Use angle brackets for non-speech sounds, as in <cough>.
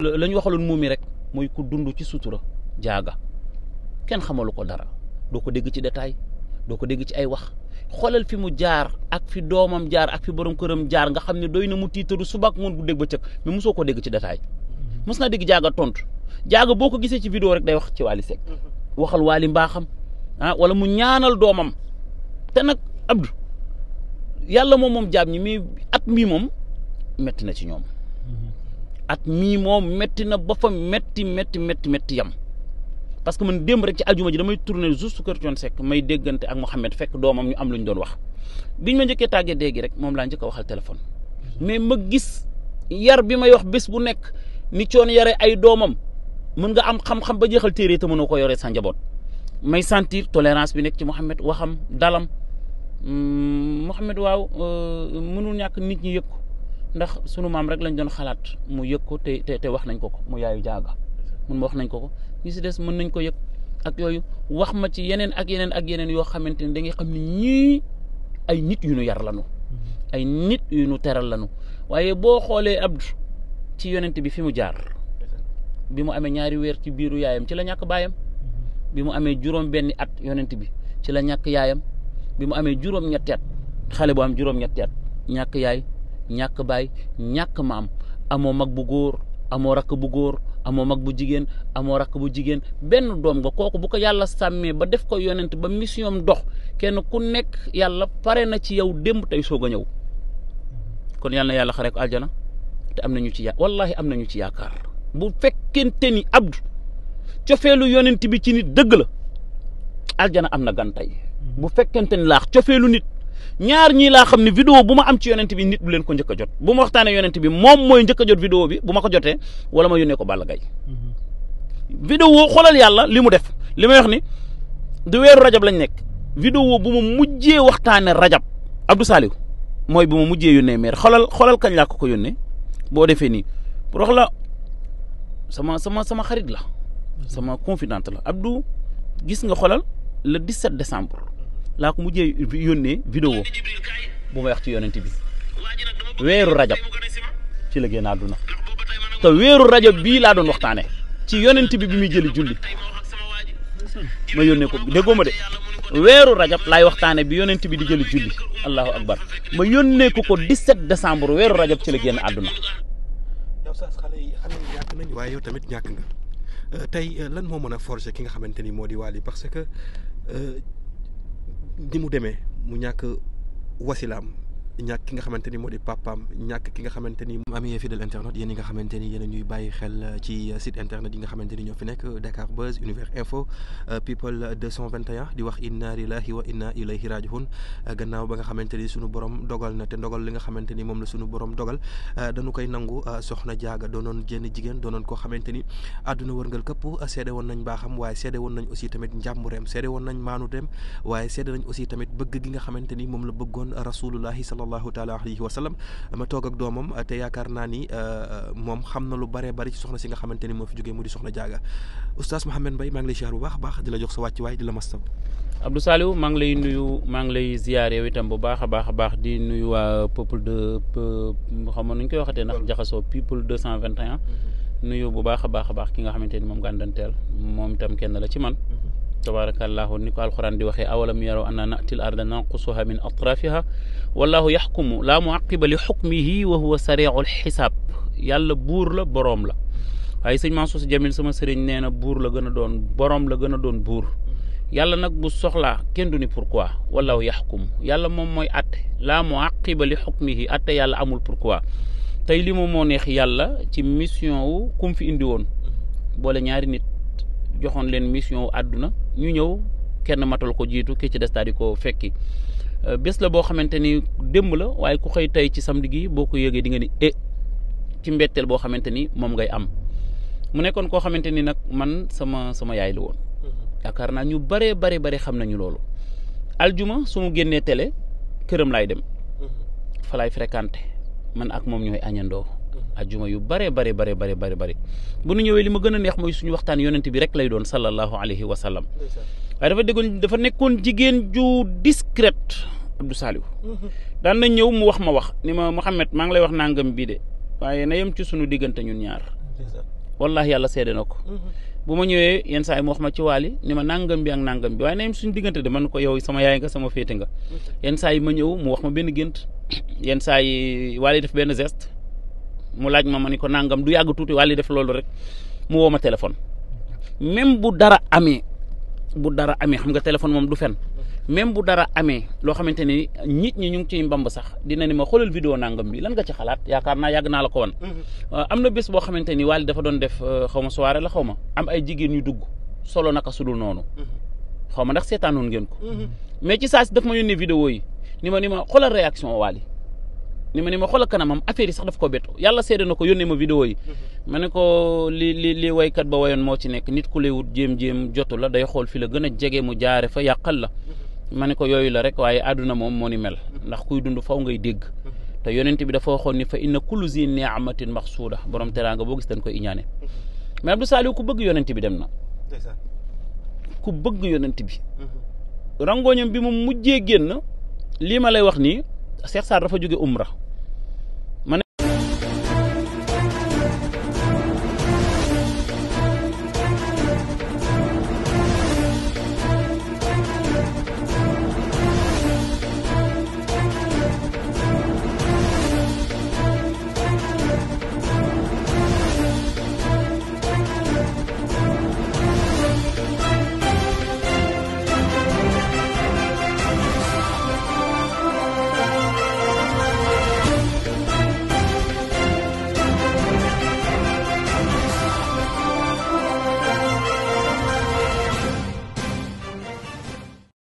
la ñu waxaloon muumi rek mooy ko dund ci sutura jaaga kenn xamalu ko dara doo ko dégg ci détail doo ko dégg ci ay wax xoolal fi mu jaar ak fi doomam jaar ak fi boroom këram jaar nga xam ne doy na mu tiitaru suba ak ngoon bu dégg ba cëg mais mosoo ko dégg ci détail mm-hmm. mos naa dégg jaaga tontu jaaga boo ko gisee ci vidéo rek day wax ci Wally Seck mm-hmm. waxal Wally mbaaxam ah wala mu ñaanal doomam te nag Abdou yàlla moom moom jaab ñi mais at mii moom metti na ci ñoom at mii moom metti na ba fa metti metti metti metti yam parce que man démb rek ci aljuma ji damay tourner juste kër Thione Seck may déggante ak Mouhamed fekk doomam ñu am lu ñu doon wax biñ ma njëkkee tàggee déegi rek moom laa njëkk a waxal téléphone. mais ma gis yar bi may yox bés bu nekk ni Thione yare ay doomam mën nga am xam-xam ba jeexal téere te mënoo ko yoree sa njaboot may sentir tolérance bi nekk ci Mouhamed waxam dalam hmm, Mouhamed waaw euh, mënul ñàkk nit ñi yëpp. ndax sunu maam rek lañ doon xalaat mu yëg ko te te wax nañ ko ko mu yaayu jaaga mun ma wax nañ ko ko ñi si des mën nañ ko yëg ak yooyu wax ma ci yeneen ak yeneen ak yeneen yoo xamante ni da nga xam ne ñii ay nit yu nu yar lanu mm-hmm. ay nit yu nu teral lanu waaye boo xoolee Abdou ci yonent bi fi mu jaar bi mu amee ñaari weer ci biiru yaayam ci la ñàkk baayam mm-hmm. bi mu amee juróom benni at yonent bi ci la ñàkk yaayam bi mu amee juróom ñetti at xale bu am juróom at ñàkk yaay ñàkk baay ñàkk maam amoo mag bu góor amoo rakk bu góor amoo mag bu jigéen amoo rakk bu jigéen benn doom nga kooku bu ko yàlla sàmmee ba def ko yonent ba mission dox kenn ku nekk yàlla pare na ci yow démb tey soog a ñëw kon yàlla yàlla xare ko aljana te am nañu ci ya wallahi am nañu ci yaakaar bu fekkente ni abdu cofeelu yonent bi ci nit dëgg la aljana am na gan tey mm-hmm. bu fekkente ni laax cofeelu nit ñaar ñii laa xam ne vidéo bu ma am ci yonent bi nit bu leen ko njëkk a jot bu ma waxtaanee yonent bi moom mooy njëkk a jot vidéo bi bu ma ko jotee wala ma yónnee ko Balla Gaye vidéo xoolal yàlla li mu def li may wax ni du weeru rajab lañ nekk vidéo bu ma mujjee waxtaane rajab Abdou Saliou mooy bu ma mujjee yonee maire xoolal xoolal kañ laa ko ko yónnee boo defee nii pour wax la sama sama sama xarit la sama confidente la Abdou gis nga xoolal le 17 décembre laa ko mujjee yónnee vidéo bu may wax ci yonent bi weeru rajab ci la génn àdduna te weeru rajab bii laa doon waxtaane ci yonent bi bi muy jëli julli ma yónnee ko déggoo ma de weeru rajab laay waxtaane bi yonent bi di jëli julli allahu akbar ma yónnee ko ko 17 décembre weeru rajab ci la génn àdduna waaye yow tamit ñàkk nga euh, euh, lan moo mën a forger ki nga xamante ni moo di Wally parce que euh, ni mu demee mu ñàkk wasilaam ñàkk ki nga xamante ni moo di papaam ñàkk ki nga xamante ni amee ni yéen a ñuy bàyyi xel euh, ci euh, site internet ñoo fi nekk Dakar euh, di wax inna lillahi wa inna ba nga xamante ni suñu borom dogal na te ndogal li nga xamante ni moom la sunu borom dogal dañu koy nangu soxna jaaga doonoon jenn jigéen doonoon koo xamante ni àdduna wërngal këpp seede woon nañ baaxam waaye seede woon nañ aussi tamit njàmbureem seede woon nañ maanuteem waaye seede nañ aussi tamit bëgg gi nga xamante ni moom la bëggoon rasulullahi sallallahu taala alayhi wa sallam ma toog ak doomam te yaakaar naa ni euh, euh, moom xam na lu baree bari ci soxna si nga xamante ni moo fi jógee mu di soxna jaaga oustaz Mouhamed Mbaye maa ngi lay ziar bu baax a baax di la jox sa wàccuwaay di la mastaw Abdou Saliou maa ngi lay nuyu maa ngi lay ziar yow itam bu baax a baax a baax di nuyu waa peuple de xam nga nu ñu koy waxatee ndax jaxasoo people 221 mm-hmm. nuyu bu baax a baax a baax ki nga xamante ni moom nga àndanteel moom itam kenn la ci man mm-hmm. tabaarakallaahu ni ko alxuraan di waxee awalam yaraw anna natil arda nanqusuha min atrafiha wallahu yaxkumu laa muaqiba li xukmihi wa huwa sariicul xisaab yàlla buur la boroom la waaye sëñ Mansour Sy Djamil sama sëriñ nee na buur la gën a doon boroom la gën a doon buur yàlla nag bu soxlaa kenn du ni pourquoi wallahu yaxkumu yàlla moom mooy atte laa muaqiba li xukmihi atte yàlla amul pourquoi tey li moom moo neex yàlla ci mission wu kum fi indi woon boole ñaari joxoon leen mission àdduna ñu ñëw kenn matal ko jiitu ki ci des daal di ko fekki euh, bés la boo xamante ni démb la waaye ku xëy tey ci samedi gi boo ko yëgee di nga ni e ci mbetteel boo xamante ni moom ngay am mu nekkoon koo xamante ni nag man sama sama yaay la woon mm-hmm. yaakaar naa ñu bare bare xam nañu loolu aljuma su mu génnee télé këram laay dem mm-hmm. fa laay fréquenté man ak moom ñooy añandoo ajjuma yu bare bare bare bare bare bare bu nu ñëwee li ma gën a neex mooy suñu waxtaan yonent bi rek lay doon sallallahu alayhi wa sallam waaye dafa déggoon dafa nekkoon jigéen ju discrète Abdou Saliou <laughs> daan na ñëw mu wax ma wax ni ma Mouhamed maa ngi lay wax nangam bii de waaye na yem ci suñu diggante ñun ñaar wallahi yàlla seede na ko mhm. bu ma ñëwee yenn saa yi mu wax ma ci waali ni ma nangam bi ak nangam bi waaye na yem suñu diggante de man ko yow sama yaay nga sama féete nga yenn saa yi ma ñëw mu wax ma benn gént yenn saa yi waali def benn geste mu laaj ma ma ni ko nangam du yàgg tuuti wàlli def loolu rek mu woo ma téléphone même bu dara amee bu dara amee xam nga téléphone moom du fen même bu dara amee loo xamante ni nit ñii ñu ngi ciy mbamb sax dina ni ma xoolal vidéo nangam bi lan nga ci xalaat yaakaar naa yàgg naa la ko woon. Mm-hmm. am na bés boo xamante ni Wally dafa doon def euh, xaw ma soirée la xaw ma am ay jigéen yu dugg solo naka sudul noonu. Mm-hmm. xaw ma ndax seetaanoon ngeen ko. Mm-hmm. mais ci saa si daf ma yónnee vidéo yi ni ma ni ma xoolal réaction Wally ni ma ni ma xoolal kanamam affaire sax daf ko bett yàlla seede na ko yónnee ma vidéo yi. Mhm. ma ne ko li li li waykat ba wayoon moo ci nekk nit ku lay wut jéem-jéem jotu la day xool fi la gën a jege mu jaare fa yàqal la. Mhm. ma ne ko yooyu la rek waaye àdduna moom moo ni mel. Mhm. ndax kuy dund faw ngay dégg. te yonent bi dafa waxoon ni fa inna kullu zi ni'matin maxsuuda borom teraanga boo gis dañ koy iñaane. mais Abdou Saliou ku bëgg yonent bi dem na. ku bi. rangooñam bi mu mujjee génn lii ma lay wax nii. Cheikh Sarr dafa jóge umra